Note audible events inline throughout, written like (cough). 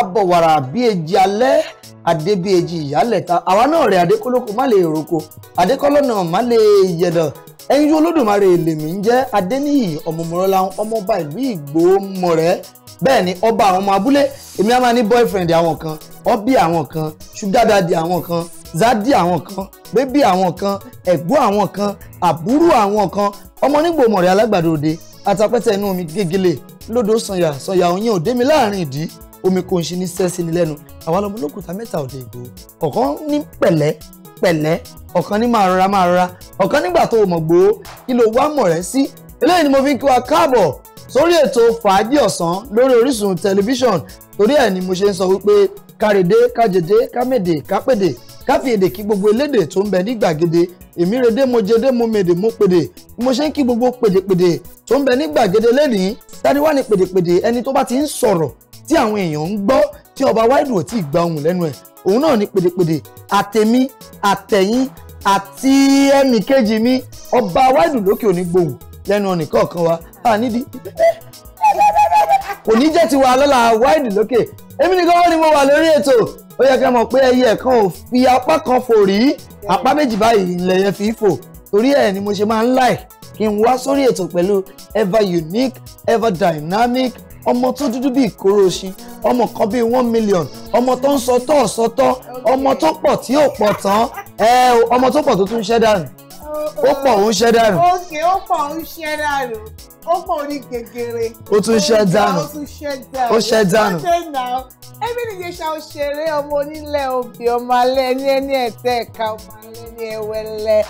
abọ̀wàrà bí ejì alẹ́ adé bí ejì ta àwa náà rẹ̀ adékólókò má lè roko adékọ́lọ́nà má lè yẹ̀dọ̀ ẹ̀yin olódùmarè lèmi ń jẹ́ adéníyì ọmọmọlọ́lá ọmọọba ìlú ìgbòmọ̀rẹ́ bẹ́ẹ̀ ni ọba àwọn ọmọ abúlé èmi á máa ní boyfriend àwọn kan ọbí àwọn kan sugar àwọn kan zadi àwọn kan bébí àwọn kan ẹ̀gbọ́n àwọn kan àbúrò àwọn kan ọmọ nígbòmọ̀rẹ́ alágbàdo òde àtàpẹ́tẹ̀ inú mi gégele lódò sànyà sànyà òyìn òdé láàrin ìdí omi kò ń ṣe ní sẹ́sì ní lẹ́nu àwa lọ́mọ olókùúta mẹ́ta òde ìgbò ọ̀kan ní pẹ̀lẹ́ pẹ̀lẹ́ ọ̀kan ní máa rọra máa rọra ọ̀kan nígbà tó o mọ̀ gbòó kí ló wá mọ̀ rẹ́ sí eléyìí ni mo fi ń kí wa káàbọ̀ sórí ètò fàájì ọ̀sán lórí Orísun tẹlifíṣọ̀n torí ẹ̀ ni mo ṣe ń sọ wípé kárèdé kájèdé kámèdè kápèdè káfí èdè kí gbogbo elédè tó ń bẹ ní gbàgede èmi redé mo jedé mo mèdè mo pèdè mo ṣe ń kí gbogbo pèdèpèdè tó ń bẹ ní gbàgede lẹ́nìí tani wá ní pèdèpèdè ẹni tó bá ti ń sọ̀rọ̀ tí àwọn èèyàn ń gbọ́ tí ọba wáìdù ò tí ì gba ohùn lẹ́nu ẹ̀ òun náà ni pèdèpèdè àtẹ̀mí àtẹ̀yìn àti ẹnì kejì mi ọba wáìdù lókè òní gbòhùn lẹ́nu ọ̀nì kọ̀ọ̀kan wa a nídìí kò ní jẹ́ tiwa lọ́la wáìdù lókè èmi nìkan wọ́n ni mo wà lórí ètò ó yẹ kí wọ́n mọ̀ pé ẹyẹ kan ò fi apá kan fò rí apá méjì báyìí ilẹ̀ yẹn fi fò torí ẹ̀ ni mo ṣe máa ń láì kí n wá sórí ètò pẹ̀lú ever unique ever dynamic ọmọ tó dúdú bíi kóró ṣin ọmọ kan bíi one million ọmọ tó ń sọtọ́ sọtọ́ ọmọ tó pọ̀ tí ò pọ̀ tán ẹ ọmọ tó pọ̀ tó tún ṣẹ́ dànù ó pọ̀ ó ń ṣẹ́ dànù. òkè ó pọ̀ ó ń ṣẹ́ dànù ó pọ̀ ní gègèrè. ó tún ṣẹ́ dànù ó ṣẹ́ dànú. ẹbíni yìí ṣá òṣèré ọmọ onílẹ̀ obì ọmọ alẹ́ ẹni ẹni ẹ̀tẹ́ ẹ̀ka ọmọ alẹ́ ẹni ẹ̀wẹ̀lẹ̀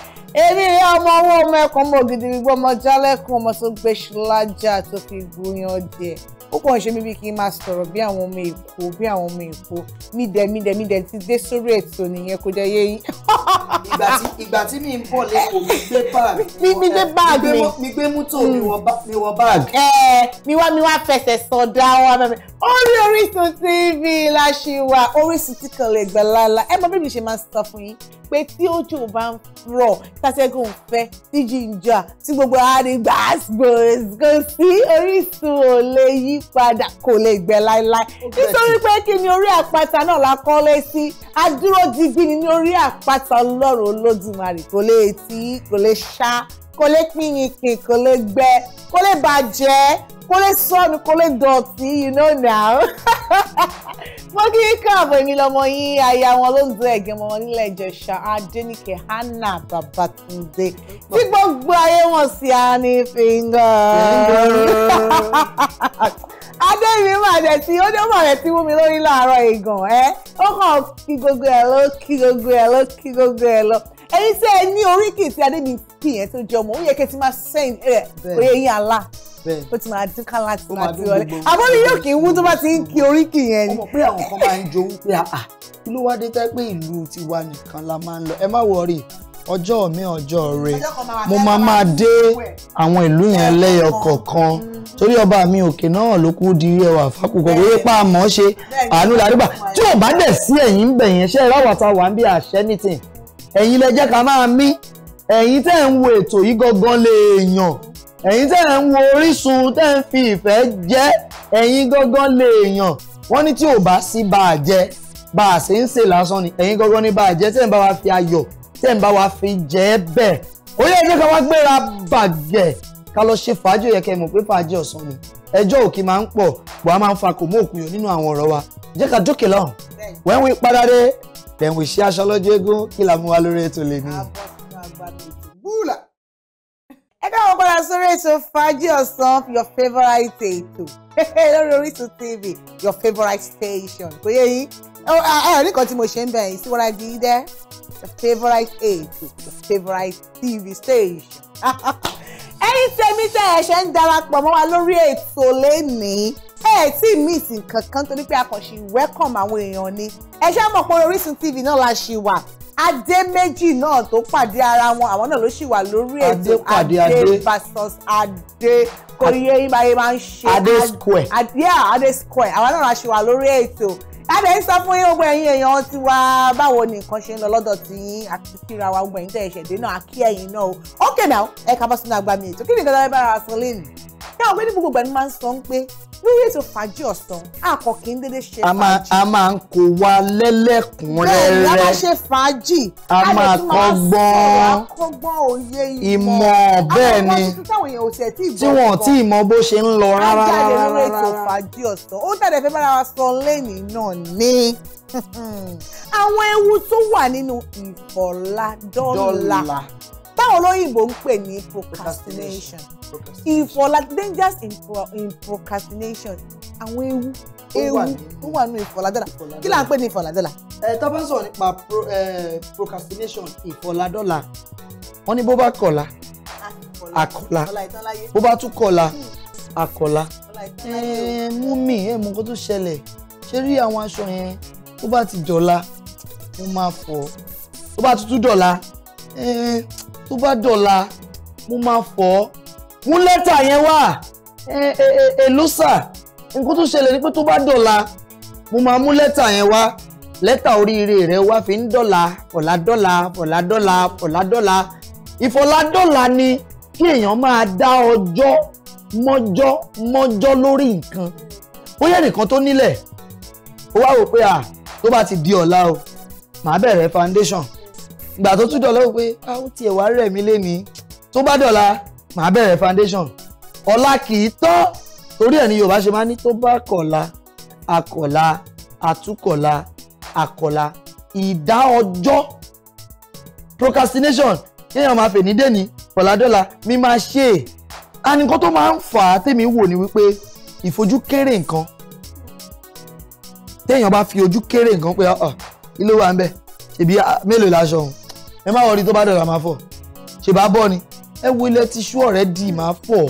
èmi rí ọmọ owó ọmọ ẹ̀kọ́ ọmọ ògidì gbígbọ́ ọmọ jálẹ̀kùn ọmọ tó gbé ṣùlájà tó fi gbóyan díẹ̀ ó kàn ṣe mí bí kí n máa sọ̀rọ̀ bí àwọn ọmọ èkó bí àwọn ọmọ èkó mídẹ mídẹ mídẹ ti dé sórí ètò nìyẹn kò jẹ́ yé yín. ìgbà tí mi ń bọ̀ lẹ́kọ̀ọ́ mi gbé báàgì mi gbé báàgì mi mi gbé mútò mi wọ báàgì. ẹ mi wá mi wá fẹsẹ̀ sọ̀dá wa mi. orí Orísun TV la ṣe wà Orísun tí kan lè gbà lálá ẹ mọ bí mi ṣe máa sọ fún yín pé tí òjò bá ń rọ̀ tàṣẹ́gun fẹ́ tíjì ń jà tí gbogbo àrígbà kò sí Orísun ò lè yí padà kò lè gbẹ láéláé nítorí pé kí ni orí àpáta náà la kọ́lé sí adúró digbí ni ní orí àpáta Ọlọ́run Olódùmarè kò lè tí kò lè ṣá kò lè pínyìnkìn kò lè gbẹ kò lè bàjẹ́ kò lè sọnù kò lè dọ̀tí you know now. (laughs) mo kí káàbọ̀ èmi lọ́mọ yín aya wọn ló ń do ẹ̀gẹ́ ọmọ wọn nílẹ̀ Ìjẹ̀ṣà Adéníkẹ́ Hannah Babatunde tí gbogbo ayé wọn (laughs) sí honey fingers adéyìí máa jẹ tí ó dé máa rẹ tí wú mi lórí láàárọ̀ ìgàn ẹ ó kàn kí gbogbo ẹ lọ kí gbogbo ẹ lọ kí gbogbo ẹ lọ ẹ̀yin tí ẹ ní oríkì tí adébíyí yẹn tó jẹ ọmọ ó yẹ kẹ́ ti máa sẹ́yìn rẹ̀ oyè yín àlá ó ti máa dúkà láti láti wọlé àbọ̀lì yóò kì í wú tó bá ti ń kí oríkì yẹn ni. ọmọ pé àwọn kan máa ń jowú pé àà ah, ah, kí ló wá dé tẹ́ pé ìlú tiwa nìkan la máa ń lọ ẹ má wọrí ọjọ́ mi ọjọ́ rẹ mo máa máa dé àwọn ìlú yẹn lẹ́yọ kọ̀ọ̀kan mm. torí ọba mi òkè náà ló kú di ẹwà fákùkọ wọ́n pa àmọ́ ṣe àánú làdúgbà tí ò bá dẹ̀ sí ẹ̀yìn bẹ̀yẹn ṣe ìráwọ̀ ta wà ń bí àṣẹ nítìǹ ẹ̀yin lẹ jẹ́ ká máa mí ẹ̀yin tẹ́ ń wo ètò yìí gangan lèèyàn ẹ̀yin tẹ́ ń wo Orísun tẹ́ ń fi ìfẹ́ jẹ́ ẹ̀yin gangan lèèyàn wọ́n ní tí ò bá sí bá a jẹ bá a ṣe ń ṣe lásán ni ẹ̀yin gangan ní bá a jẹ tẹ́ ń bá wa fi ayọ̀ tẹ́ ń bá wa fi jẹ́ bẹ́ẹ̀ ó yẹ jẹ́ ká wá gbéra bàjẹ́ ká lọ ṣe fàájì yẹ kẹ́ mọ̀ pé fàájì ọ̀sán ni ẹjọ́ òkì máa ń pọ̀ bọ̀ a máa ń fa kòmó òkúyọ̀ nínú àwọn ọ̀rọ̀ wa jẹ́ ká dókè lọ́hùn wẹ́n wí padà dé then we share aṣọ lọ́jọ́ eégún kí la mú wa lórí ètò lè ní. ẹ káwọn padà sórí ètò fàájì ọ̀sán your favourite ètò (laughs) lórí Orísun TV your favourite station kò yẹ yín ẹ̀rí kan tí mo ṣe ń bẹ̀ yín sí wọ́n rájí dẹ́ your favourite ètò your favourite TV station (laughs) ẹ̀yin tèmi tẹ́ ẹ̀ ṣe ń darapọ̀ mọ́ wa lórí ètò lẹ́nìí ẹ tí miss nǹkan kan torí pé a kàn welcome àwọn èèyàn ni ẹ ṣe mọ̀ pé Orísun TV náà la ṣì wà adé méjì náà tó pàdé ara wọn àwọn náà ló ṣì wà lórí ètò adé versus adé kò yé yín báyé máa ń ṣe adé square adé adé square àwọn náà la ṣì wà lórí ètò láti ẹ̀ ń sọ fún yín gbogbo ẹ̀yin èèyàn ti wá báwo ni nǹkan ṣe ń lọ lọ́dọ̀ tí yín àti kíra wa gbogbo ẹ̀yin tẹ̀ ẹ̀ṣẹ̀dé náà àkí ẹ̀yin náà o ókè náà ẹ̀ka bá sínú agbami ètò kí ni ìdájọ́ bá ra sọ ẹ wọ́n pé ní gbogbo ìgbà ni máa ń sọ pé lórí ètò fàájì ọ̀sán àkọ́kí ń dédé ṣe fàájì. a máa ń kó wa lẹ́lẹ́kùnrẹ́rẹ́ bẹ́ẹ̀ ni a máa ṣe fàájì. a máa kọ́gbọ́n ìmọ̀ bẹ́ẹ̀ ni tí wọ́n tí ìmọ̀ bó ṣe ń lọ rárá. a jáde lórí ètò fàájì ọ̀sán ó tàdé fẹ́ bára wa sọ lẹ́nìí náà ní (laughs) àwọn ewu tó wà nínú ìfọ̀ládọ́là táwọn olóyìnbó ń pè ní procrastination ìfọ̀lá dangers in procrastination àwọn ewu ewu tó wà nínú ìfọ̀ládọ́là kí là ń pè ní ìfọ̀ládọ́là. ẹ tó bá ń sọ̀rọ̀ nípa procrastination ìfọ̀ládọ́là wọ́n ní bó bá kọ̀la àkọ́la bó bá tún kọ̀la hmm. àkọ́la ẹ mú mi ẹ mú kó tó ṣẹlẹ̀ ṣé rí àwọn aṣọ yẹn bó bá ti dọ̀la mo máa fọ̀ bó bá tún dọ̀la tó bá dọ̀la mo máa fọ̀ ọ́ mú lẹ́tà yẹn wá èló sà nǹkan tó ṣẹlẹ̀ ni pé tó bá dọ̀la mo máa mú lẹ́tà yẹn wá lẹ́tà oríire rẹ wá fi ń dọ̀la ọ̀làdọ̀la ọ̀làdọ̀la ọ̀làdọ̀la ìfọ̀làdọ̀la ni kí èèyàn máa dá ọjọ́ mọ́jọ́ mọ́jọ́ lórí nǹkan bóyá nìkan tó nílẹ̀ ó wá wò pé à tó bá ti di ọ̀la o màá bẹ̀rẹ̀ foundation ìgbà tó tún dọ̀la ah, ó pé a ó tiẹ̀ wá rẹ̀ mí lénìí tó bá dọ̀la màá bẹ̀rẹ̀ foundation ọ̀la kì í tọ́ torí ẹ̀ ní Yorùbá ṣe máa ní tó bá kọ̀la akọ̀la àtúkọ̀la àkọ̀la ìdá ọjọ́ procrastination kéèyàn máa fè ní dèní kọ̀ládọ́la mi máa ṣe é anìkan tó máa ń fà á tèmi wò ni wípé ìfojú kéré nǹkan téèyàn bá fi ojú kéré nǹkan pé ah, ah, kí ló wà ń bẹ̀ ṣèbí mélòó la ṣọ̀hún ẹ má wọrí tó bá dọ̀là máa fọ̀ ṣe bá bọ́ ni ẹ wo ilẹ̀ tíṣú ọ̀rẹ́ dì máa fọ̀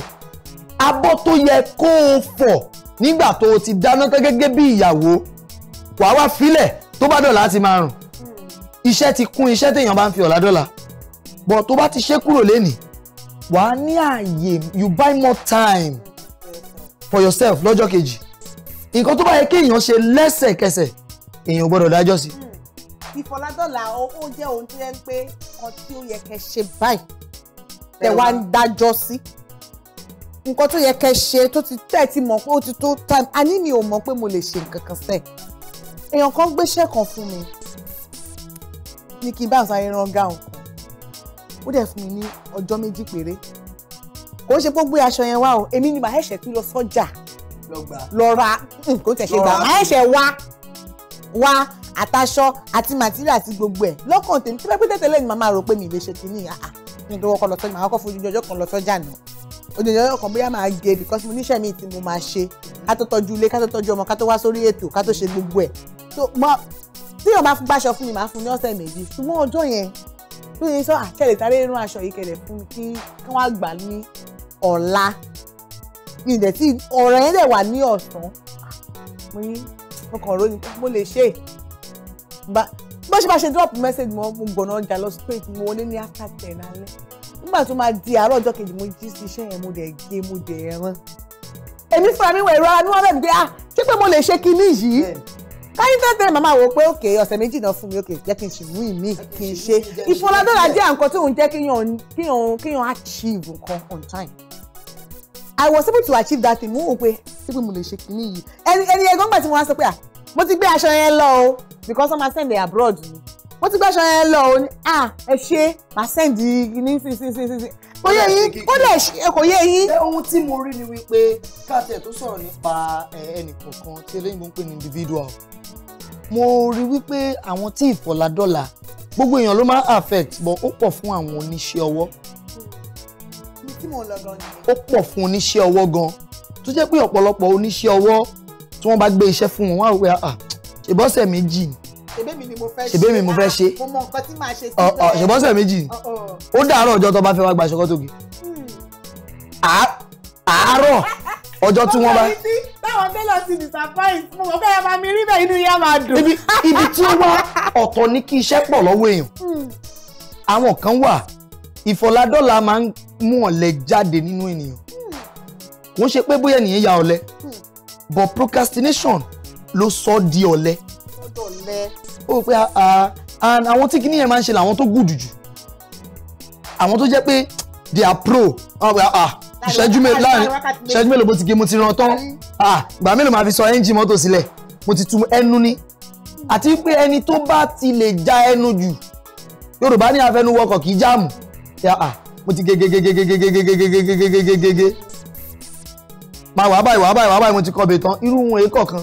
abọ́ tó yẹ kó o fọ̀ nígbà tó o ti dáná tán gẹ́gẹ́ bí ìyàwó wàá wá filẹ̀ tó bá dọ̀là ti máa rùn iṣẹ́ ti kún iṣẹ́ téèyàn bá ń fi ọ̀la dọ́là bọ̀ tó bá ti ṣe kúrò lénìí wàá ní ààyè you buy more time for yourself lọ́jọ́ kejì nǹkan tó bá yẹ kéèyàn ṣe lẹ́sẹ̀kẹsẹ̀ èèyàn gbọ́dọ̀ dájọ́ sí i ìfọ̀ládọ́là ó jẹ́ ohun tó yẹ pé kan tí ó yẹ kẹ́ ṣe báyìí tẹ wá ń dájọ́ sí nǹkan tó yẹ kẹ́ ṣe tó ti tẹ́ ti mọ̀ pé ó ti tó time àní mi ò mọ̀ pé mo lè ṣe nǹkan kan sẹ́ẹ̀ èèyàn kan gbéṣẹ́ kan fún mi ní kí n bá sáré rán gáwọn ó dẹ̀ fún mi ní ọjọ́ méjì péré kò ń ṣe pé ó gbé aṣọ yẹn wá o èmi ni màá ẹ̀ṣẹ̀ tún lọ sọ́jà lọ kò tẹ̀ ṣe gbà màá ẹ̀ṣẹ̀ wá wá àtàṣọ àti màtíríà àti gbogbo ẹ̀ lọ́kàn tèmi tí pẹ́pẹ́ tẹ́tẹ́lẹ̀ ni màmá rò pé mi lè ṣe kínní àá ní ìdánwò kan lọ́sọ́jà màá kọ́ fojú ọjọ́ kan lọ́sọ́jà náà ojoojúmọ́ kan bóyá máa gé because mo níṣẹ́ mi tí mo máa ṣe ká tó tọ́jú ilé ká tó tọ́jú ọmọ ká tó wá sórí ètò ká tó ṣe gbogbo ẹ̀ so mo tí yóò bá gbàṣọ fún mi màá fún ní ọ̀sẹ̀ méjì ṣùgbọ́n ọjọ́ yẹn tó yẹ sọ àkẹlẹ̀ tàbí irun aṣọ yìí kẹlẹ̀ fún mi kí wọ́n á gbà ní ọ̀la ní ìdẹ̀tí ọ̀rọ̀ yẹn dẹ̀ wà ní ọ̀sán mo ní mo kàn rò ní mo lè ṣe bá bó ṣe bá ṣe drop message mo mo gbọ̀nà ọjà lọ straight mo wọlé ní after ten alẹ́ nígbà tó máa di àárọ̀ ọjọ́ kejì mo jí sí iṣẹ́ yẹn mo dẹ̀ gé mo dẹ̀ ẹran èmi fúnra mi wẹ̀ ìrora mi wọ́n bẹ̀ gbé ah ṣé pé mo lè ṣe kinní yìí káyín tẹ́tẹ́ màmá wò pé òkè ọ̀sẹ̀ méjì náà fún mi òkè jẹ́ kí n sì mú ìmí kí n ṣe ìfọlọ́dọ́là jẹ́ àǹkan tí òun jẹ́ kíyàn kíyàn kíyàn achieve nǹkan on time I was able to achieve that thing mo wò pé ṣé pé mo lè ṣe kìíní yìí ẹni ẹni ẹgbọ́n gbà tí mo wá sọ pé à ah, mo ti gbé aṣọ yẹn lọ o because wọ́n máa send it abroad ni mo ti gbé aṣọ yẹn lọ o ni à ah, ẹ ṣe máa send ní sí sí sí sí kò yé yín kó lè ṣe kò yé yín. ohun tí mo rí ni wípé káàtẹ̀ tó sọ̀rọ̀ nípa ẹnì tí eléyìnbó ń pè ní individual mo rí wípé àwọn tí ìfọ̀ládọ́là gbogbo èèyàn ló máa affect but ó pọ̀ fún àwọn oníṣẹ́ ọwọ́ mò ń lọ gan ni. ó pọ̀ fún oníṣẹ́ ọwọ́ gan tó jẹ́ pé ọ̀pọ̀lọpọ̀ oníṣẹ́ ọwọ́ tí wọ́n bá gbé iṣẹ́ fún wọn wá rò pé ah, ah ṣèbọ́sẹ̀ méjì ni ṣèbémi ni mo fẹ́ ṣe ṣèbémi mo fẹ́ ah, ṣe mo mọ nǹkan tí màá ṣe sí bẹ́ẹ̀ ṣèbọ́sẹ̀ méjì ni ó dàárọ̀ ọjọ́ tó bá fẹ́ wá gba ṣọkọ́ tóge àárọ̀ ọjọ́ tí wọ́n bá. báwọn bẹ́lọ̀ ti disappoint mo mọ̀ pé ẹ máa mi rí bẹ́ẹ̀ inú yá máa dùn. ibi tí ó wá ọ̀tọ̀ ni kí iṣẹ́ pọ̀ lọ́wọ́ èèyàn hmm. àwọn kan wà ìfọ̀ládọ́là máa ń mú ọ̀lẹ jáde nínú ènìyàn kò ń ṣe pé bóyá ènìyàn ya ọ̀lẹ but procrastination ló sọ ọ́ di ọ̀lẹ. ó pé àwọn tí kìnìyàn máa ń ṣe làwọn tó gùdù jù àwọn tó jẹ́ pé they are pro ah, ah, ìṣẹ́jú mélòó ìṣẹ́jú mélòó bó ti gé mo ti ràn tán ah, ìgbà mélòó máa fi sọ ẹ́ńjì mọ́tò sílẹ̀ mo ti tu ẹnu ní àti pé ẹni tó bá ti lè já ẹnu jù Yorùbá ní afẹnuwọkọ̀ kì í jáàmù mo ti gegegegegegegegegegegegege máa wà báyìí wà báyìí wà báyìí mo ti kọ́ bẹ̀ tán irú wọn èkó kan.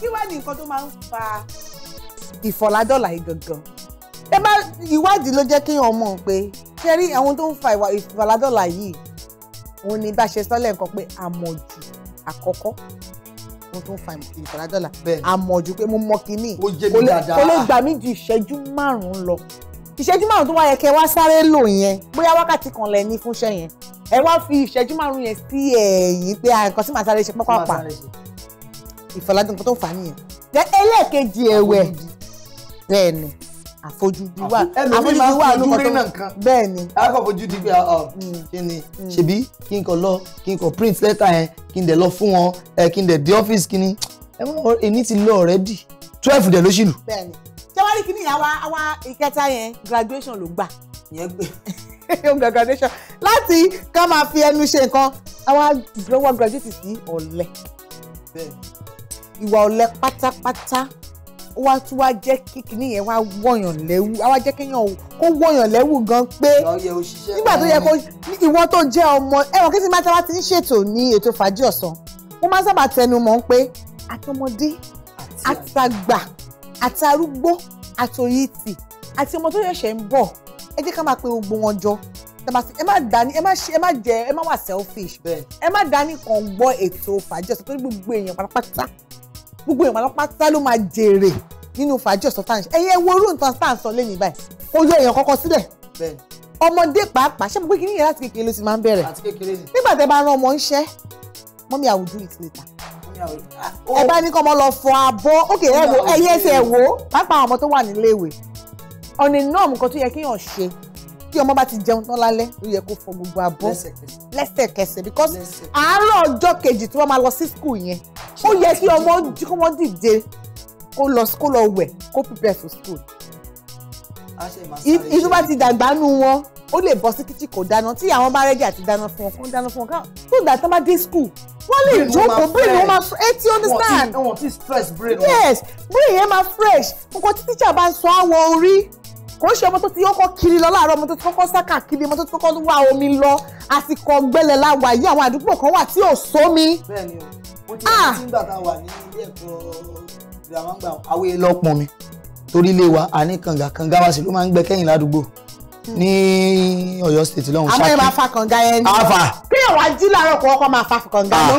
kí wàá ní nǹkan tó máa ń fa ìfọ̀ládọ́là yìí gangan ẹ bá ìwádìí ló jẹ́ kéèyàn mọ̀ pé ṣe rí àwọn tó ń fa ìfọ̀ládọ́là yìí òun ni bá ṣe sọ́lẹ̀ nǹkan pé àmọ̀jù àkọ́kọ́ wọn tó ń fa ìfọ̀ládọ́là àmọ̀jù pé mo mọ kínní kò lè gbà mí ju ìṣẹ́jú márùn-ún lọ ìṣẹ́jú márùn tó wá yẹ kẹ wá sáré lò yẹn bóyá wákàtí kan lẹ ní fúnṣẹ́ yẹn ẹ wá fi ìṣẹ́jú márùn yẹn sí ẹ̀yìn pé ah, nǹkan tí màá sáré ṣe pápápá ìfọ̀lájú nǹkan tó fà á nìyẹn. jẹ́ ẹlẹ́ẹ̀kejì ẹ̀wẹ̀ bẹ́ẹ̀ ni àfojúdi wà àfojúdi wà ló kọ tó bẹ́ẹ̀ ni. akọ̀fojúdi pé ah, ah, hmm. kí ni hmm. ṣebí kí n kọ lọ kí n kọ print letter yẹn kí n dẹ̀ lọ fún wọn eh, kí n dẹ̀ dé office kí ni ẹ mọ̀ ẹni ti lọ already twelve dẹ̀ ló ṣì lù wá rí kíní àwa àwa ìkẹta yẹn graduation ló gbà yẹn gbé yóò (laughs) gba graduation láti ká máa fi ẹnu ṣe nǹkan àwa lọ́wọ́ graduate sí ọ̀lẹ ìwà ọ̀lẹ pátápátá ó wá tún wá jẹ́ kí kíní yẹn wá wọ̀yàn lẹ́wù á wá jẹ́ kéèyàn kó wọ̀yàn lẹ́wù gan pé nígbà tó yẹ kó ìwọ tó jẹ́ ọmọ ẹ̀wọ̀n kí sinmi àtàwá ti ń ṣètò ní ètò fàájì ọ̀sán wọ́n máa ń sábà tẹnu mọ́ pé àtọmọdé àtàgbà àti arúgbó àtòyìtì àti ọmọ tó ṣẹ̀ṣẹ̀ ń bọ̀ ẹ jẹ́ ká máa pe gbogbo wọn jọ ẹ má dání ẹ má ṣe ẹ má jẹ ẹ má wà selfish ẹ má dání kàn gbọ́ ètò fàájì ọ̀sán torí gbogbo èèyàn pátápátá gbogbo èèyàn pátápátá ló máa jèrè nínú fàájì ọ̀sán tá à ń ṣe ẹ̀yẹ wo irú nǹkan tá à ń sọ lẹ́yìn báyìí kó yọ èèyàn kọ́kọ́ sílẹ̀ ọmọdé pàápàá ṣé mo pé kí níyàrá àti kékeré ló ti máa ń bẹ̀rẹ̀ nígbà tẹ́ bá rán ọmọ ń ṣẹ́ mọ́mí I will Ah, ẹ bá ní kọ́ ọmọ lọ fọ abọ́ ok ẹyẹ ẹsẹ̀ ẹ wo pápá ọmọ tó wà nílé ìwé náà nǹkan tó yẹ kí yàn ṣe tí ọmọ bá ti jẹun tán lálẹ́ ó yẹ kó fọ gbogbo abọ́ lẹ́sẹ̀kẹsẹ̀ because àárọ̀ ọjọ́ kejì tí wọ́n máa lọ sí school yẹn ó yẹ kí ọmọ dìde kó lọ wẹ̀ kó prepare for school ìtú bá ti dàgbà nu wọn ó lè bọ́ sí kíchìn kò dáná tí àwọn bá rẹ́dí àti dáná fún wọn kó dáná fún wọn tó gbà tán bá dé school wọ́n lè jókòó brain wọn máa etí understand wọ́n ti stress brain wọn yes brain yẹn máa fresh nǹkan tí teacher bá ń sọ àwọ̀ orí kò ń ṣe ọmọ tó ti kọ́kọ́ kiri lọ láàárọ̀ ọmọ tó ti kọ́kọ́ sáka kiri ọmọ tó ti kọ́kọ́ wá omi lọ àsìkò gbẹlẹ̀ la wà yí àwọn àdúgbò kan wà tí ò sómi. bẹ́ẹ̀ni o mo ti rántí ah! nígbà tá a wà ní ilé ẹ̀kọ́ gírámà gbà àwọn èèyàn lọ pọn mi torílé wa a ní kànga kànga wa sì ló máa ń gbẹ kẹ́yìn ládùúgbò ní Ọ̀yọ́ state lọ́hùn ṣáàkì. àmọ́ ẹ máa fa kànga yẹn ni. àfà. kí ẹ̀wà jí làárọ̀ kó ọkọ máa fa kànga lọ.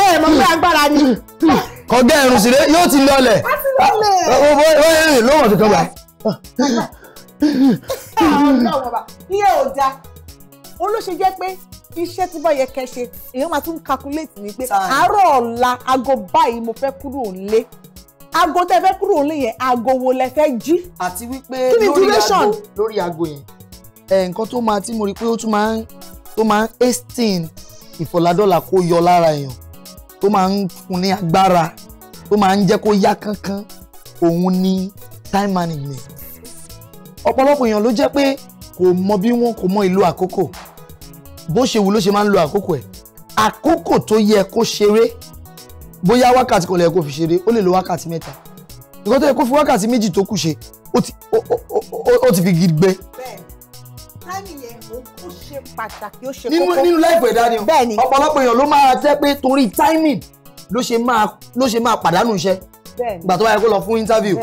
ẹ ẹ̀ mọ̀ pé agbára ni. kọ̀ǹga ẹ̀rù sì rẹ yóò ti lọlẹ̀. a ti lọlẹ̀. ó yẹ ló tuntun gbà. ìyẹn ò da olóṣè jẹ́ pé iṣẹ́ tí bá yẹ kẹ́ ṣe èèyàn máa tún calculate ni pé àárọ̀ ọ̀la aago báyìí mo fẹ́ kúrò nílé aago tẹ fẹ́ kúrò nílé yẹn aago wo lẹ fẹ́ jí. àti wípé lórí aago lórí aago yẹn nǹkan tó máa tí mo rí pé ó tún máa ń tó máa ń hasten ìfọ̀ládọ́là kó yọ lára èèyàn tó máa ń fún ní agbára tó máa ń jẹ́ kó yá kánkán òun ni time management ọ̀pọ̀lọpọ̀ èèyàn ló jẹ́ pé kò mọ bí wọn kò mọ ìlò àkókò bó ṣe wù ló ṣe máa ń lo àkókò ẹ̀ àkókò tó yẹ kó ṣeré bóyá wákàtí kan lẹ́yìn kó fi ṣeré ó lè lo wákàtí mẹ́ta nǹkan tó yẹ kó fi wákàtí méjì tó kù ṣe ó ti fi gidi gbẹ. nínú láìpẹ́ dání o ọ̀pọ̀lọpọ̀ èèyàn ló máa jẹ́ pé torí timing ló ṣe máa pàdánù iṣẹ́ ìgbà tó bá yẹ kó lọ fún interview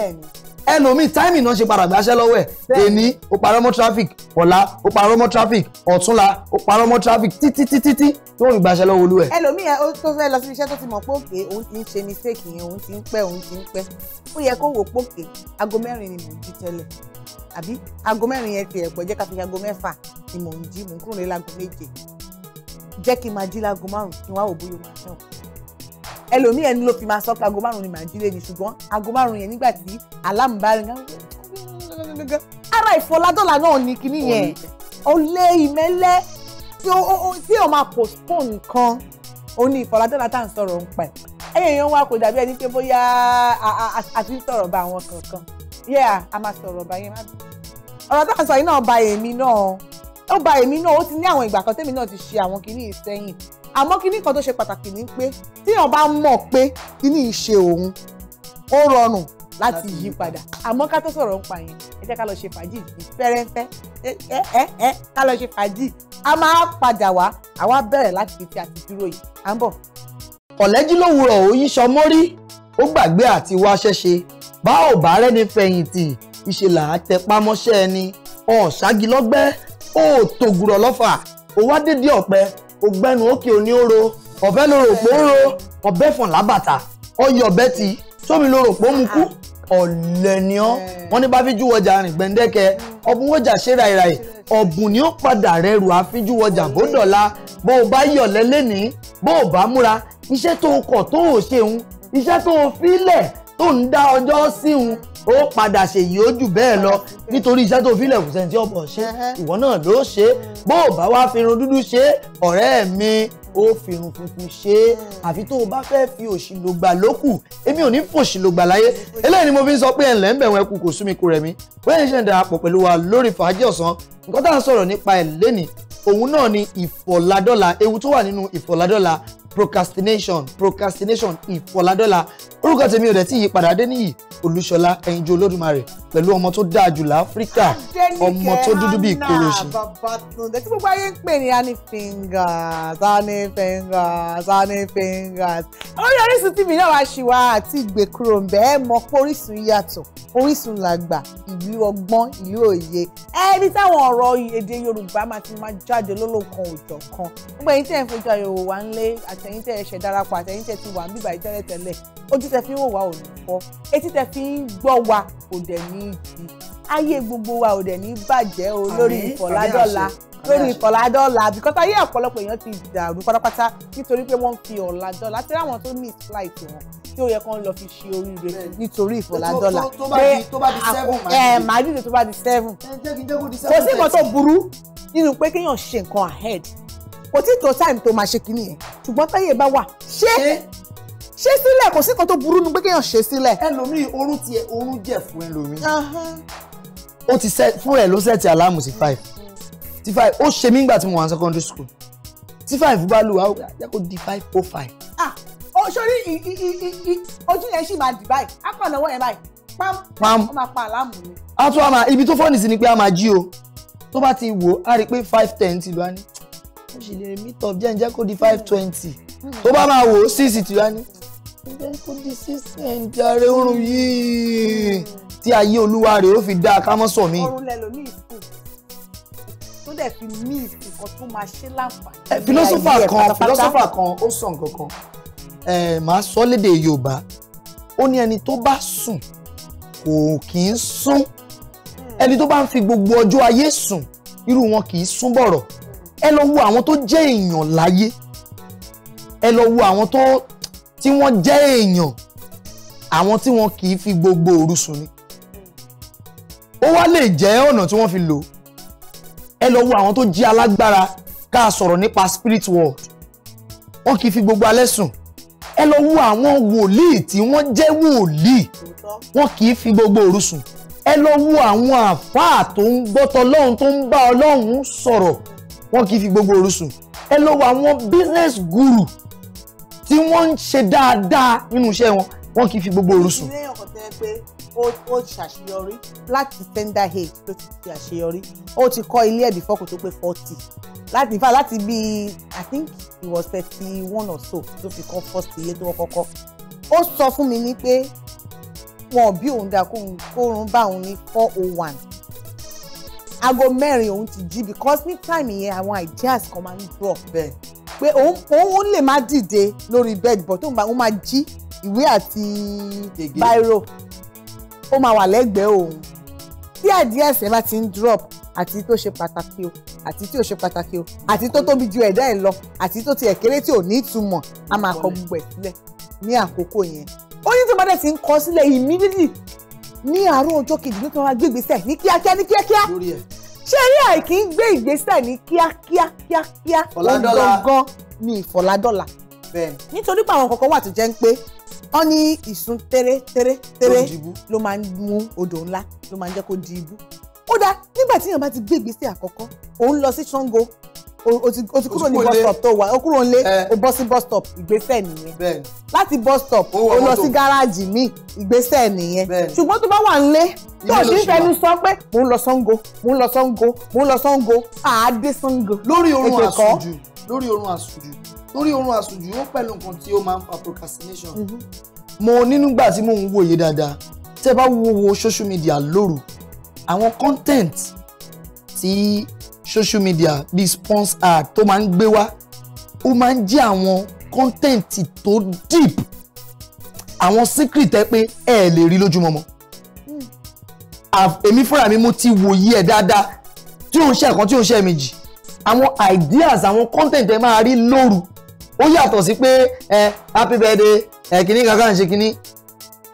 ẹlòmíì táìmì náà ṣe padà gbàṣẹ́ lọ́wọ́ ẹ̀ èní ó parọ́ mọ́ traffic ọ̀la ó parọ́ mọ́ traffic ọ̀túnla ó parọ́ mọ́ traffic títí títí tí tó ń gbàṣẹ́ lọ́wọ́ olú ẹ̀. ẹlòmíì tó fẹ́ lọ sí iṣẹ́ tó ti mọ̀ pókè òun ti ń ṣe mistake yẹn òun ti ń pẹ́ òun ti ń pẹ́ ó yẹ kó wò pókè aago mẹ́rin ni mò ń jí tẹ́lẹ̀ àbí aago mẹ́rin yẹn ti ẹ̀pọ̀ jẹ́ ká fi aago mẹ́fà ni mò ń jí mò ń kúrò nílé aago méje jẹ́ kí n máa jí láago márùn ẹlòmíì ẹni ló fi máa sọ pé aago márùn ni màá jí lébi ṣùgbọ́n aago márùn yẹn nígbà tí aláàmù bá rìn ara ìfọládọ́là náà ni kinní yẹn olè ìmẹ́lẹ́ tí o máa postpone nǹkan ó ní ìfọládọ́là tá à ń sọ̀rọ̀ ń pa ẹ̀ èèyàn wa kò dàbí ẹni pé bóyá a ti ń sọ̀rọ̀ bá àwọn kankan yẹ́ a máa sọ̀rọ̀ bá yẹn má bì ọ̀rọ̀ tá à ń sọ yìí náà ba èmi náà ó ba èmi náà ó ti ní àwọn ìgbà kan tẹ́mi náà ti ṣe àwọn kinní ìsẹ́yìn àmọ́ kíní kan tó ṣe pàtàkì ni pé tíyàn bá mọ̀ pé kíní ìṣe òun ó rọrùn láti yí padà àmọ́ ká tó sọ̀rọ̀ nípa yẹn ẹ jẹ́ ká lọ ṣe fàájì yìí fẹ́rẹ́fẹ́ ẹ ẹ ẹ ká lọ ṣe fàájì a máa padà wá àwa bẹ̀rẹ̀ láti fi tí a ti dúró yìí à ń bọ̀. kọ̀lẹ́jì lówùrọ̀ òyìn sọmọ́rí ó gbàgbé àti wá ṣẹ́ṣe bá ò bá rẹ́ni fẹ̀yìntì ìṣèlà àtẹpámọ́ṣẹ́ ẹni ọ̀ṣágilọ́gbẹ́ ó tògùrọ̀ lọ́fà ó wá dédé ọ̀pẹ ògbẹ́nu òkè òní oro ọ̀bẹ ló rò pé ó ro ọ̀bẹ fọ̀n lábàtà ọyẹ ọ̀bẹ ti sómi ló rò pé ó mu kú ọ̀lẹ ni ọ́ wọ́n ní bá fi júwọ́jà rìn gbẹ̀ndẹ́kẹ́ ọ̀bùn wọ́jà ṣe ràìràì ọ̀bùn ni ó padà rẹrù àfijúwọ́jà bó dọ̀la bó o bá yọ̀lẹ́ lẹ́nìí bó o bá múra iṣẹ́ tó o kọ̀ tó o ṣeun iṣẹ́ tó o fi lẹ̀ tó ń dá ọjọ́ síhun ó padà ṣèyí ó jù bẹ́ẹ̀ lọ nítorí iṣẹ́ tó filẹ̀ kù sẹ́ńtì ọ̀bọ̀ ṣe ìwọ náà ló ṣe bó o bá wá fi irun dúdú ṣe ọ̀rẹ́ mi ó fi irun funfun ṣe àfi tó o bá fẹ́ fi òṣìlògbà lókù èmi ò ní fòṣìlògbà láyé eléyìí ni mo fi ń sọ pé ẹ̀ǹlẹ́ ń bẹ̀wọ̀n ẹkù kò sú mi kú rẹ̀ mí bóyá iṣẹ́ ń darapọ̀ pẹ̀lú wa lórí fàájì ọ̀sán nǹkan tá à ń sọ̀rọ̀ nípa ẹ̀ lénìí òun náà ni ìfọ̀ládọ́la ewu tó wà nínú ìfọ̀ládọ́la procrastination procrastination ìfọ̀ládọ́la orúkọ tèmi ò dẹ̀ tí yí padà Adéníyì Olúṣọlá ẹ̀yinjú Olódùmarè pẹ̀lú ọmọ tó dáa jù láfíríkà ọmọ tó dúdú bíi koroṣi. Babatunde tí gbogbo ayé ń pè ní honey fingers honey fingers honey fingers olórí Orísun TV náà wá ṣì wá àti ìgbèkúrò ń bẹ́ẹ̀ mọ pé Orísun yàtọ̀ Orísun làgbà ìlú ọgbọ́n ìlú òye ẹni táwọn ọ̀rọ̀ èdè Yorùbá máa ti máa jáde lólòkan òjọ̀kan gbogbo ẹ̀yin tẹ̀ ń fojú ayòwò wá ń lé àti àtẹ̀yin tẹ́ ẹ ṣẹ̀ darapọ̀ àtẹ̀yin tẹ́ ti wà ń bíbà ìtẹ́lẹ̀ tẹ́lẹ̀ ojú tẹ́ fi ń wò wá fọ́ etí tẹ́ fi ń gbọ́ wa kò dẹ̀ ní di ayé gbogbo wa ò dẹ̀ ní bàjẹ́ o lórí ìfọ̀ládọ́la lórí ìfọ̀ládọ́la because ayé ọ̀pọ̀lọpọ̀ èèyàn ti dàrú pátápátá nítorí pé wọ́n fi ọ̀làdọ́la tí àwọn tó miss flight wọn tí ó yẹ kán lọ fi ṣe oríire nítorí ìfọ̀ládọ́la pé ẹ màá tó bá di seven kò sí nǹkan tó burú nínú pé kéèyàn ṣe nǹkan ahead kò tí tó time tó máa ṣe kínní yẹn ṣùgbọ́n táyè bá wà ṣé ṣe sílẹ̀ kò sí kan tó burú nu pé kéèyàn ṣe sílẹ̀. ẹlòmíì oorun tiẹ̀ oorun jẹ fún ẹlòmíì. ó ti sẹ fún rẹ ló sẹẹtì aláàmù sí five tí five ó ṣe mí nígbà tí mo wà ní secondary school tí five bá lù wá ó yẹ kó di five o oh five. ah sórí ojú yẹn sì máa dì báyìí á kàn lọ́wọ́ yẹn báyìí pam pam ó máa pa aláàmù ni. a tún àmà ibi tó fọ́ọ̀nì sí ni pé a máa jí o tó bá ti wò á rí i pé five ten ti lọ á ní mo sì lè meet up jẹ́ ǹjẹ́ kó di five twenty tó bá máa wò ó six tìwá ni ǹjẹ́ kó di six ẹ̀ǹdí ààrẹ oorun yìí tí ayé olúwa rẹ̀ ó fi dá a ká mọ́ sọ mí. ọrùn lẹ́lòmíì sùn tó dẹ̀ fi mí nǹkan tó máa ṣe láǹfààní. filosofa kan filosofa kan ó sọ nǹkan kan màá sọ lédè yorùbá ó ní ẹni tó bá sùn kò kì í sùn hmm. ẹni tó bá ń fi gbogbo ọjọ́ ayé sùn irú wọn kì í sún bọ̀rọ̀ ẹ lọ wo àwọn tó jẹ́ èèyàn láyé ẹ lọ wo àwọn tó tí wọ́n jẹ́ èèyàn àwọn tí wọn kì í fi gbogbo òru ni ó wá lè jẹ́ ọ̀nà tí wọ́n fi lò ẹ lọ wo àwọn tó jí alágbára ká sọ̀rọ̀ nípa spirit world wọn kì í fi gbogbo alẹ́ sùn ẹ lọ wo àwọn wòlíì tí wọ́n jẹ́ wòlíì wọn kì í fi gbogbo òru ẹ lọ wo àwọn àfáà tó ń gbọ́tọ̀ lọ́hùn tó ń bá ọlọ́hùn sọ̀rọ̀ wọn kì í fi gbogbo òru ẹ lọ wọ àwọn business guru tí wọ́n ń ṣe dáadáa nínú iṣẹ́ wọn wọn kì í fi gbogbo òru sùn. ilé ọkọ̀ tẹ́lẹ̀ pé ó ṣàṣeyọrí láti tender age ló ti ṣe àṣeyọrí ó ti kọ́ ilé ẹ̀ before kò tó pé forty láti ifá láti bí i think it was thirty one or so tó fi kọ́ first ilé tó wọ́n kọ́kọ́ ó sọ fún mi ní pé wọn ò bí òun dà kóorun bá òun ní four oh one aago mẹ́rin òun ti jí because ní time yẹn àwọn ideas kan máa ń drop bẹ́ẹ̀ pé òun òun lè má dìde lórí bed but òun máa jí ìwé àti biro ó máa wà lẹ́gbẹ̀ẹ́ òun tí ideas ẹ̀ bá ti ń drop àti tó ṣe pàtàkì o àti tí ò ṣe pàtàkì o àti tó tóbi ju ẹ̀dá ẹ̀ lọ àti tó ti ẹ̀kéré tí ò ní ìtumọ̀ a máa kọ gbogbo ẹ̀ sílẹ̀ ní àkókò yẹn ó ní tí bá dẹ̀ ti ń kọ sílẹ̀ immediately ní àárọ̀ ọjọ́ kejì ló ti máa gbé ìgbésẹ̀ ní kíákíá ní kíákíá ṣé rí àìkí ń gbé ìgbésẹ̀ ní kíákíá kíákíá gangan ni ìfọ̀ládọ́là nítorí pé àwọn kọ̀ọ̀kan wà tó jẹ́ ń pé wọ́n ní ìsun téré téré téré ló máa ń mú odò ńlá ló máa ń jẹ́ kó di ibú ó dáa nígbà tí èèyàn bá ti gbé ìgbésẹ̀ àkọ́kọ́ òun lọ sí Ṣàngó o ti kúrò ní bus stop tó wà o kúrò nílé eh. o bọ́ sí bus stop ìgbésẹ̀ nìyẹn láti bus stop o lọ sí gáràjì míì ìgbésẹ̀ nìyẹn ṣùgbọ́n tó bá wà nílé tó o ti fẹnu sọ pé mò ń lọ Ṣàngó mò ń lọ Ṣàngó mò ń lọ Ṣàngó àádé Ṣàngó. lórí orun àsùnjù lórí orun àsùnjù lórí orun àsùnjù ó pẹ̀lú nǹkan tí ó máa ń fa procrastination. Mhm. mo nínú gbà tí mò ń wòye dáadáa tẹ́ bá wo social media lóru àwọn content tí social media bíi sponsor ad tó máa ń gbé wá ó máa ń jẹ́ àwọn content tó deep àwọn secret ẹ pé ẹ lè rí lójúmọmọ èmi fúnra mi mo ti wòye ẹ dáadáa tí ò ń ṣe ẹ̀kan tí ò ń ṣe méjì àwọn ideas àwọn content ẹ máa rí lóru ó yàtọ̀ sí pé ẹ happy birthday ẹ kìíní kankan ṣe kìíní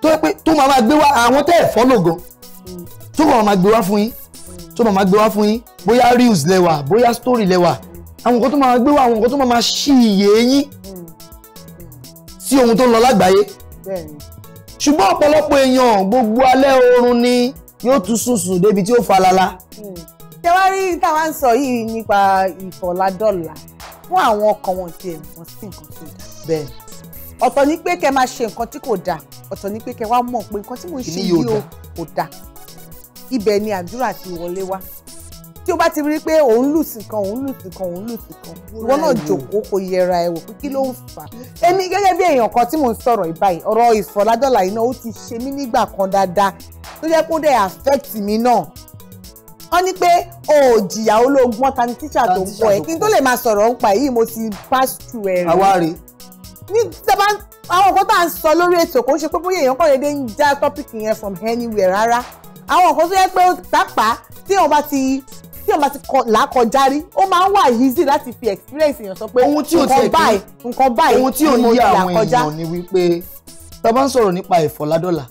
tó pé tó máa máa gbé wá àwọn tẹ́ ẹ̀ fọ́lọ̀ gan tó kàn máa gbé wá fún yín tó máa máa gbé wá fún yín bóyá reels lẹ́wà bóyá story lẹ́wà àwọn nǹkan tó máa gbé wá àwọn nǹkan tó máa máa ṣí iye yín sí ohun tó ń lọ lágbàáyé ṣùgbọ́n ọ̀pọ̀lọpọ̀ èèyàn gbogbo alẹ́ oorun ni yóò tún sùnsùn débi tí ó falala. Hmm. ṣé wàá rí táwa ń sọ yìí nípa ìfọ̀ládọ́là fún àwọn ọkàn wọn ti ẹ̀mọ́ sí nǹkan tó dáa. bẹ́ẹ̀ ọ̀tọ̀ ni pé kẹ́ máa ṣe nǹkan tí kò dáa ọ̀tọ̀ ni pé kẹ́ wá mọ̀ pé nǹkan tí mo ṣe yìí kò dáa ibẹ̀ ni àdúrà ti wọlé wá tí o bá ti rí pé òun lù sí kan òun lù sí kan òun lù sí kan ìwọ náà jòkó kò yẹra ẹ wò pé kí ló ń fà á èmi gẹ́gẹ́ bí èèyàn kan tí mò ń sọ̀rọ̀ ìbáyìí ọ̀rọ̀ ìfọ̀ládọ́là iná ó ti ṣe mí nígbà kan dáadáa tó jẹ́ kó dẹ̀ affect mi náà wọ́n ní pé o ò jìyà ológun ọ̀tá ni tíṣà tó ń kọ́ ẹ kí n tó lè máa sọ̀rọ̀ ń pa èyí mo ti pass through ẹ̀ rẹ̀. àwárí. ní sábà àwọn nǹkan tá à ń sọ lórí ètò kò ń ṣe pé bóyá èèyàn kọ́ dédé ń já tọ́pìkì yẹn from anywhere rárá àwọn nǹkan tó yẹ pé pàápàá tí wọn bá ti tí wọn bá ti là kọjá rí ó máa ń wà easy láti fi experience èèyàn sọ pé nǹkan báyìí nǹkan báyìí ohun tí ò ní yà àwọn èèyàn ni wípé tá a bá ń sọ̀rọ̀ nípa ìfọ̀ládọ́là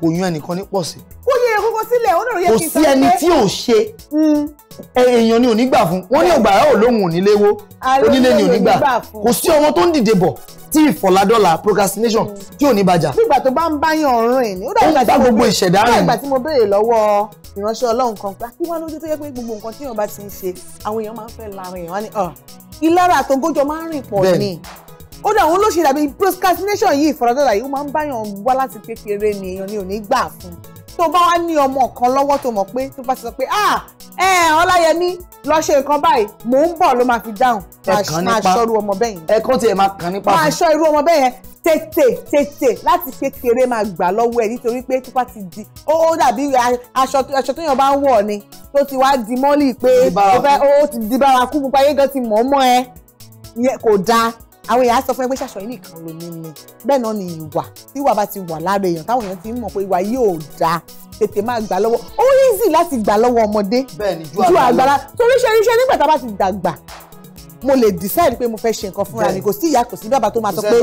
kò yún ẹnìkan ní pọ̀ sí i ó yẹ ìkókó sílẹ̀ ó náà yẹ kí n sọ pé kò sí ẹni tí ò ṣe hmm. èèyàn ni ò ní gbà fún wọn ní ọgbà ò lóhùn ò ní léwó onílé ni ò ní gbà kò sí ọmọ tó ń dìde bọ̀ tí ìfọ̀ládọ́là procrastination hmm. tí ò ní bàjá. nígbà tó bá ń báyàn ọ̀run ẹ̀ ni ó dàgbà gbogbo ìṣẹ̀dá rẹ̀ ni. nígbà tí mo béèrè lọ́wọ́ ìránṣẹ́ Ọlọ́run kan pé kí wọ́n lójú tó yẹ pé gbogbo nǹkan tí èèyàn bá ti ń ṣe àwọn èèyàn máa ń fẹ́ lára èèyàn wá ní ìlara àtọ́gọ́jọ máa ń rìn pọ̀ ni ó dà wọn ló ṣe dàbí procrastination yìí ìfọ̀ládọ́là yìí ó máa ń báyàn wá láti kékeré ni èèyàn ni ò ní gbà fún un tó bá wá ní ọmọ kan lọ́wọ́ tó mọ̀ pé tó bá ti sọ pé ah ẹ ọláyẹmí lọ ṣe nǹkan báyìí mò ń bọ̀ ló máa fi dáhùn máa ṣọ́ irú ọmọ bẹ́ẹ̀ yẹn. ẹ̀kan tiẹ̀ máa kàn nípa. máa ṣọ́ irú ọmọ bẹ́ẹ̀ yẹn tètè tètè láti kékeré máa gbà lọ́wọ́ ẹ̀ nítorí pé tó bá ti di ó dàbí aṣọ tó yàn bá ń wọ̀ ni tó ti wá di mọ́lì pé ó ti di bárakú pupa yé gan ti mọ̀ ọ́ mọ́ ẹ kò dáa àwọn èèyàn á sọ fún ẹ pé ṣàṣọ yìí nìkan ló ní mi bẹ́ẹ̀ náà ni ìwà tí ìwà bá ti wà lára èèyàn táwọn èèyàn ti ń mọ̀ pé ìwà yìí ò tètè máa gbà lọ́wọ́ ó easy láti gbà lọ́wọ́ ọmọdé ju àgbàlá torí ṣe iṣẹ́ nígbà tá a bá ti dàgbà mo lè decide pé mo fẹ́ ṣe nǹkan fúnra mi kò sí ìyá kò sí bàbá tó máa sọ pé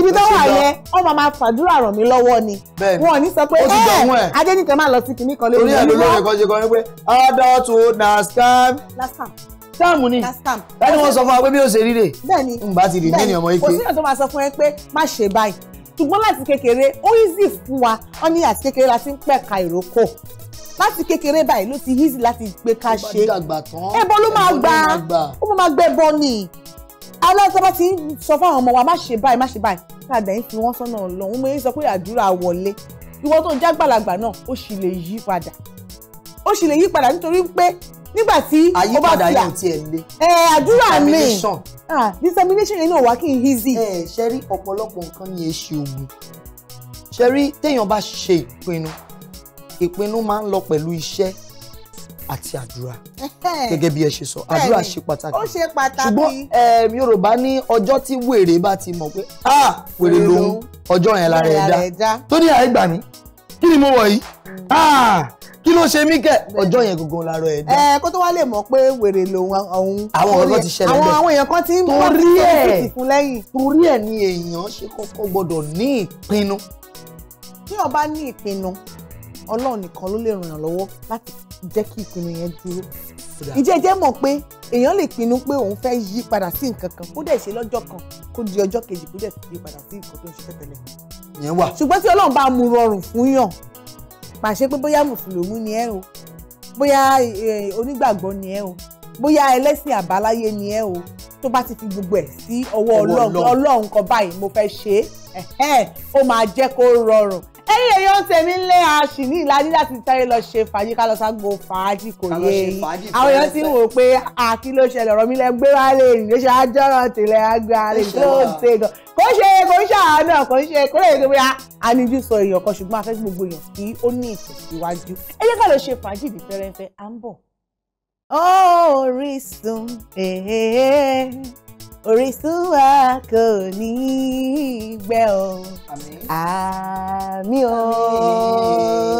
ibi tó wà yẹn wọ́n máa máa fàdúrà ràn mí lọ́wọ́ ni wọn ò ní sọ pé ẹ adé nìkan máa lọ sí kinní lórí ìlú wọn. orí ẹ̀ ló ṣe kan pé adult old na scam táàmù ni báyìí wọ́n sọ fún wa pé bí ó ṣe ríre nba ti dì mí ni ọmọ ike. kò sí ìyàtọ̀ máa sọ fún ẹ pé má ṣe báyìí ṣùgbọ́n láti kékeré ó easy fún wa wọ́n ní àti kékeré la ti ń pẹ̀ka ìrókò láti kékeré báyìí ló ti easy láti gbé ká ṣe ẹbọ ló máa gbà ó máa gbẹ bọ ni aláìsàn bá ti ń sọ fún àwọn ọmọ wa má ṣe báyìí má ṣe báyìí káàdà yín fi wọ́n sọ́nà lọ́hún mo yín sọ pé àdúrà wọlé ìwọ tó jágbàlagbà náà pé nígbà tí ó bá fìyà àyípadà yóò tiẹ̀ le. ẹ àdúrà mi determination yẹn náà wá kí n easy. ẹ ṣe rí ọ̀pọ̀lọpọ̀ nǹkan ní èsì ògùn ṣe rí téèyàn bá ṣe ìpinnu ìpinnu máa ń lọ pẹ̀lú iṣẹ́ àti àdúrà gẹ́gẹ́ bí ẹ ṣe sọ àdúrà ṣe pàtàkì ó ṣe pàtàkì ṣùgbọ́n Yorùbá ní ọjọ́ tí wèrè bá ti mọ̀ pé ah wèrè lòun ọjọ́ yẹn lára ẹ̀ dá tó ní àìgbà mi kí ni mo wọ̀ yìí ah kí ló ṣe mí kẹ ọjọ́ yẹn gbogbo làárọ̀ ẹ dá. ẹ eh, kó tó wá lè mọ̀ pé wèrè lòun ọ̀hún. àwọn ọ̀rọ̀ kan ti ṣẹlẹ̀ bẹ́ẹ̀ àwọn èèyàn kan ti ń bọ́ sí ẹ̀ torí ẹ̀ ni èèyàn ṣe kọ́kọ́ gbọ́dọ̀ ní ìpinnu. tí o bá ní ìpinnu ọlọ́run nìkan ló lè ràn yàn lọ́wọ́ láti jẹ́ kí ìpinnu yẹn dúró. ìjẹ́ jẹ́ mọ̀ pé èèyàn lè pinnu pé òun fẹ́ yí padà sí nǹkan kan kó dẹ̀ ṣe lọ́jọ́ kan kó di ọjọ́ kejì kó dẹ̀ sì padà sí nǹkan tó ń ṣe tẹ́tẹ́lẹ̀. ṣùgbọ́n tí ọlọ́run bá mú rọrùn fún yàn pàṣẹ pé bóyá mùsùlùmí ni ẹ o bóyá onígbàgbọ́ ni ẹ o bóyá ẹlẹ́sìn àbáláyé ni ẹ o tó bá ti fi gbogbo ẹ̀ sí ọwọ́ ọlọ́run ọlọ́run kan báyìí mo fẹ́ ṣe é ó máa jẹ́ kó rọrùn ẹ̀yin èèyàn tèmi ń lé aṣì ní ìlàjì láti tẹ́rí lọ ṣe fàájì ká lọ ságbo fàájì kò yé yín àwọn èèyàn ti ń wò pé àkí ló ṣẹlẹ̀ ọ̀rọ̀ mi lẹ gbé wá lè rìn ló ṣe àjọrọ̀ tèlẹ̀ agbára lè tó ń ṣe gan kò ṣe kò ń ṣàánú kò ń ṣe kò lè gbé bóyá aníjú sọ èèyàn kan ṣùgbọ́n afẹ́ gbogbo èèyàn kí ó ní ìtẹ̀síwájú ẹ ká lọ ṣe fàájì ní fẹ́rẹ́fẹ́ à ń bọ̀ Orísun. Oh, Orísun wa kò ní í gbẹ o àmì o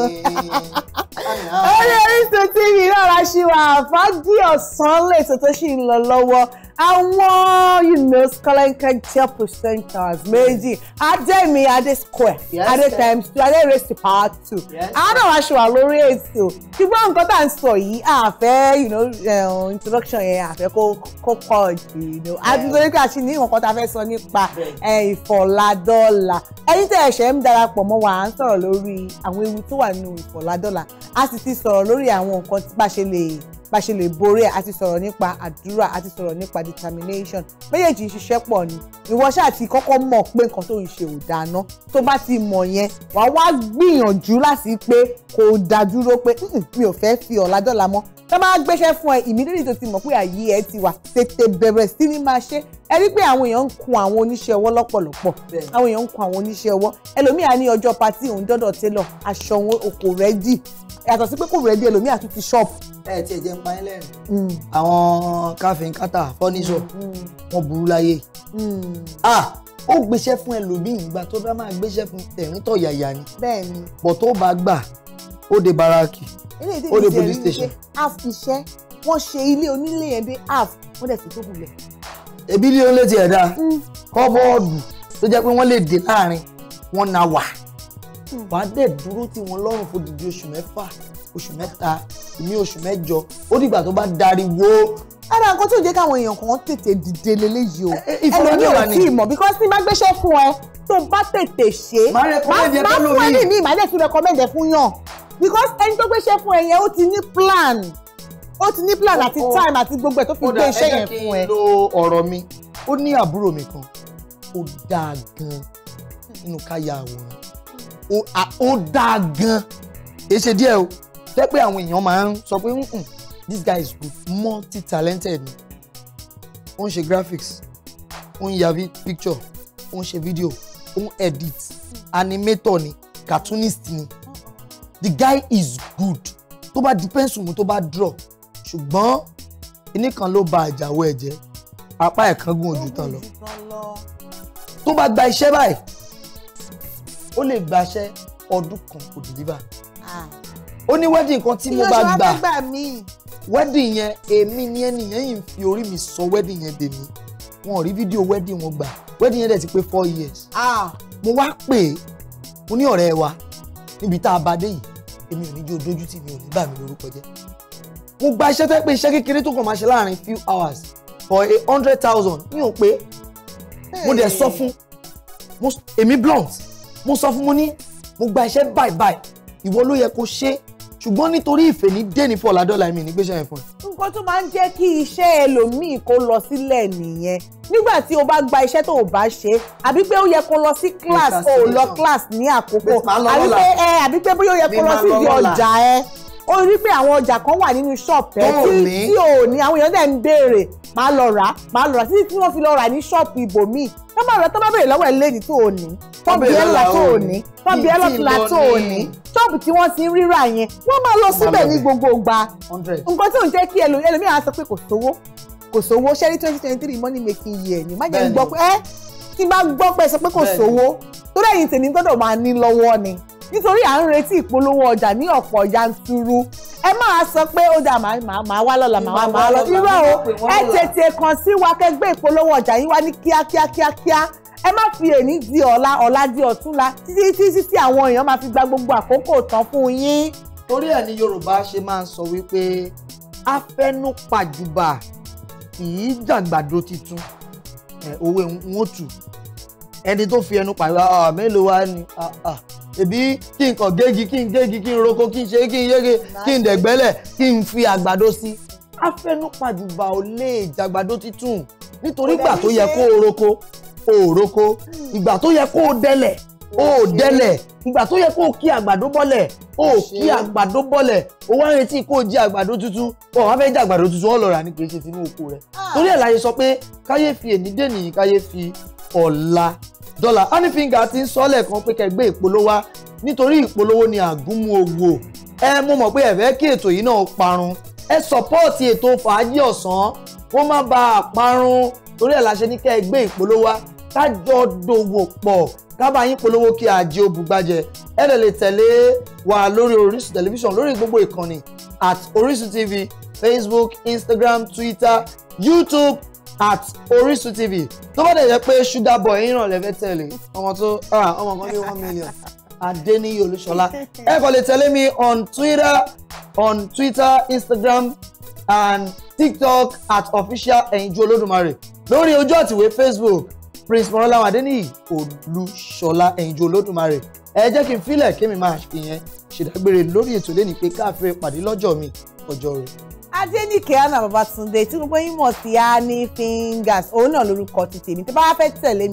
orí Orísun TV náà la ṣì wà fàájì ọ̀sán lè ṣètò ṣì ń lọ lọ́wọ́ àwọn you know skollenkaja presenters méjì ademi ade square ade times two ade race to power two àwọn náà wá ṣe wà lórí ètò ṣùgbọ́n nǹkan tá à ń sọ yìí àfẹ́ you know um, introduction yẹn àfẹ́ kó pọ̀ jù you know adúlórí pé àṣì ní nǹkan tá a fẹ́ sọ nípa eh, ìfọ̀ládọ́là ẹ̀yin tẹ̀ ẹ̀ṣẹ̀ ń darapọ̀ mọ́ wa à ń sọ̀rọ̀ lórí àwọn ewu tó wà nínú ìfọ̀ládọ́là a sì ti sọ̀rọ̀ lórí àwọn nǹkan tí bá ṣe lè bá ṣe lè borí ẹ̀ àti sọ̀rọ̀ nípa àdúrà àti sọ̀rọ̀ nípa determination méjèèjì ṣiṣẹ́ pọ̀ ni ìwọ ṣáà ti kọ́kọ́ mọ̀ pé nǹkan tó ń ṣe ò dáná tó bá ti mọ̀ yẹn wàá wá gbìyànjú láti pé kò dá dúró pé hmm, mi ò fẹ́ fi ọ̀la dọ́là mọ́ tá máa gbéṣẹ́ fún ẹ ìmídìrí tó ti mọ̀ pé àyè ẹ ti wà tètè bẹ̀rẹ̀ sí ní máa ṣe ẹ rí pé àwọn èèyàn ń kun àwọn oníṣẹ́ ọwọ́ lọ́pọ̀lọpọ̀ àwọn èèyàn ń kun àwọn oníṣẹ́ ọwọ́ ẹlòmíà ní ọjọ́ patí òun dọ́dọ̀ télọ̀ aṣọ òun kò rẹ́dì yàtọ̀ sí pé kò rẹ́dì ẹlòmíà tún ti ṣọ́ọ̀bù. ẹ ti ẹ jẹ ń pa ẹ lẹ́rìn. Hmm. àwọn káfíń kátà fọ́níṣọ̀ hmm. wọn burú láyé. Hmm. Ah, ó gbéṣẹ́ fún ẹlòmíì ìgbà tó bá máa gbéṣẹ́ fún tẹ̀rín tọ̀yàyà ni. bẹ́ẹ̀ ni. bọ̀ tó bá gbà ó de baraki ó de police station. half iṣẹ́ wọ́n ṣe ilé onílé yẹn bí half wọ́n dẹ̀ sì tó kulẹ̀. ebi ilé onílé tiẹ̀ dáa hmm. kọ́bọ́ọ̀dù tó jẹ́ pé wọ́n lè dé láàrin wọn na wà hmm. wàá dẹ̀ dúró tí wọ́n lọ́rùn fún dídí oṣù mẹ́fà oṣù mẹ́ta ìmí oṣù mẹ́jọ ó dìgbà tó bá dariwo ara nǹkan tó jẹ́ káwọn èèyàn kan tètè dìde leléyìí o eh, eh, ẹlòmí ò mọ̀ because tí n bá gbéṣẹ́ fún ẹ tó bá tètè ṣe má fún ẹ ní mi ìmàlẹ́ fi rẹkọmẹ́ndẹ̀ fún yàn because ẹni tó gbéṣẹ́ fún ẹ yẹn ó ti ní plan ó ti ní plan àti time àti gbogbo ẹ̀ tó fi gbé iṣẹ́ yẹn fún ẹ. ó dà ẹ jẹ́ kí n lo ọ̀rọ̀ mi ó ní àbúrò mi kan ó dáa gan nínú káyà àwòrán ó dáa gan èyí ṣe díẹ̀ o jẹ́ pé àwọn èèyàn máa ń sọ pé hmm, this guy is good multi talented ni ó ń ṣe graphics ó ń ya picture ó ń ṣe video ó ń edit animator ni cartoonist ni the guy is good tó bá di pẹ́ǹsì mu tó bá draw ṣùgbọ́n iní kan ló ba àjàwó ẹ̀ jẹ́ apá ẹ̀ kan gún ojú tán lọ tó bá gba iṣẹ́ báyìí ó lè gbaṣẹ́ ọdún kan kò dìlíbà ah. ó ní wedding kan tí mo bá gbà wedding yẹn èmi ni ẹnìyẹn yìí ń fi orí mi sọ wedding yẹn dèmi wọn ò rí fídíò wedding wọn gbà wedding yẹn dẹ̀ ti pé four years ah. mo wá pè é mo ní ọ̀rẹ́ wa níbi tá a bá dé yìí èmi ò ní jó dojú tì mí ò ní bà mí lórúkọ jẹ́ mo gba iṣẹ́ tẹ́ pé iṣẹ́ kékeré tó kàn máa ṣe láàrin few hours for a hundred thousand mi ò pé mo dẹ̀ sọ fún èmi blunt mo sọ fún mo ní mo gba iṣẹ́ báyìí báyìí ìwọ ló yẹ kó ṣe é ṣùgbọ́n nítorí ìfẹ́ ní dé ní fọlá dọ́là mi nígbésẹ̀ yẹn fún ẹ. nǹkan tó máa ń jẹ́ kí iṣẹ́ ẹlòmíì kó lọ sílẹ̀ nìyẹn nígbà tí o bá gba iṣẹ́ tó o bá ṣe àbí pé ó yẹ kó lọ sí class kó o lọ class ní àkókò àbí pé ẹ àbí pé bóyá ó yẹ kó lọ sí ibi ọjà ẹ ó rí pé àwọn ọjà kan wà nínú ṣọ́ọ̀pù ẹ tí ò ní àwọn èèyàn dẹ̀ ń béèrè máa lọ rà máa lọ rà títí tí wọ́n fi lọ rà ní ṣọ́ọ̀pù ibòmíì nọ́mbà rẹ tó bá béèrè lọ́wọ́ ẹ lẹni tó o ní tọbi ẹlà tó o ní tọbi ẹlọtìlá tó o ní ṣọ́ọ̀bù tí wọ́n ti ń rírà yẹn wọ́n máa lọ síbẹ̀ ní gbogbo ìgbà nǹkan tí ò ń jẹ́ kí ẹlòmíràn á sọ pé kò sówó kò sówó ṣẹ́rí twenty twenty three money making year ni má jẹ́ gbọ́ pé ẹ́ tí bá gbọ́ pé sọ pé kò sówó tó dẹ̀ yìí tèmi gbọ́dọ̀ máa ní lọ́wọ́ ni nítorí à ń retí ìpolówó ọjà ní ọ̀pọ̀ yanturu ẹ máa sọ pé ó dà máa wá lọ́la máa wá lọ́la irọ́ o ẹ tètè kàn sí wa kẹgbẹ́ ìpolówó ọjà yín wá ní kíákíá kíákíá ẹ má fi èní di ọ̀la ọ̀la di ọ̀túnla títí títí tí àwọn èèyàn máa fi gba gbogbo àkókò tán fún yín. torí ẹ̀ ni Yorùbá ṣe máa ń sọ wípé afẹnupàjùbà kì í jàgbàdo titun òwe ń wọ́n tù ẹni tó fi ẹnu pàjùbà ah, mélòó wá ni. Ah, ah. Ebi kí n kàn gégi kí n gégi kí n roko kí n ṣe kí n yége kí n dẹ̀gbẹ́lẹ̀ kí n fi àgbàdo sí. afẹnupàjùbà ò lè jàgbàdo títún nítorí ìgbà tó yẹ kó o roko o roko ìgbà tó yẹ kó o dẹlẹ̀ o dẹlẹ̀ ìgbà tó yẹ kó o kí àgbàdo bọ́lẹ̀ o kí àgbàdo bọ́lẹ̀ o wá retí kó o jẹ àgbàdo tuntun o wá fẹ́ jẹ àgbàdo tuntun o lọ rà kì í ṣe tinú oko rẹ̀ ah. torí ẹ̀ láyé sọ pé káyé fi èní dé nìyí káyé fi ọ̀la dọ́là Anyfinger ti ń sọ lẹ́ẹ̀kan pé kẹ́ gbé ìpolówó wá nítorí ìpolówó ni àgúnmu owó ẹ mo mọ̀ pé ẹ fẹ́ kí ètò yìí náà parun ẹ sọ́pọ́ọ̀tì ètò fàájì ọ̀sán kó má ba àparun torí ẹ̀ la ṣe ní kẹ́ ẹ gbé ìpolówó wá kájọ dòwò pọ̀ kábà yín polówó kí ajé ó ẹ lè lè tẹ̀lé wa lórí Orísun tẹlifíṣàn lórí gbogbo ìkànnì at Orísun TV Facebook Instagram Twitter YouTube at Orisun TV tó bá dẹ̀ jẹ́ pé sugar boy yín ràn lẹ́fẹ́ tẹ̀lé ọmọ tó ọmọ kan ní one million Adeniyi Olúṣọlá ẹ kò lè tẹ̀lé mi on Twitter on Twitter Instagram and TikTok at official ẹ̀yinjú Olódùmarè lórí ojú àtìwé Facebook Prince Mọ́rọ́láwọ̀n Adeniyi Olúṣọlá ẹ̀yinjú Olódùmarè ẹ jẹ́ kí n filẹ̀ kí mi máa fi yẹn ṣèdágbére lórí ètò lẹ́ni pé káàfin pàdé lọ́jọ́ mi ọjọ́ rẹ̀ adéníkẹ́ àná babatunde tí gbogbo yín mọ̀ sí ani fingers òun náà lórúkọ ti tèmi tí bá wá fẹ́ mi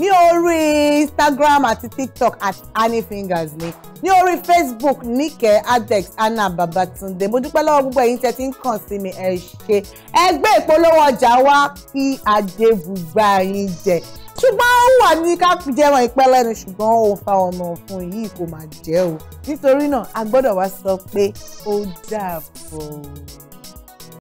ní orí instagram àti tiktok at ani fingers ni ní orí facebook níkẹ́ adex àná babatunde mo dúpẹ́ lọ́wọ́ gbogbo ẹ̀yin tẹ́ ti ń kàn sí mi ẹ ṣe ẹgbẹ́ ìpolówó ọjà wa kí adébùgbà yín jẹ ṣùgbọ́n ó wà ní ká jẹran ìpẹ́ lẹ́nu ṣùgbọ́n ó fa ọ̀nà ọ̀fun yìí kò máa jẹ́ o nítorí náà a gbọ́dọ̀ wá sọ pé ó dàbọ̀.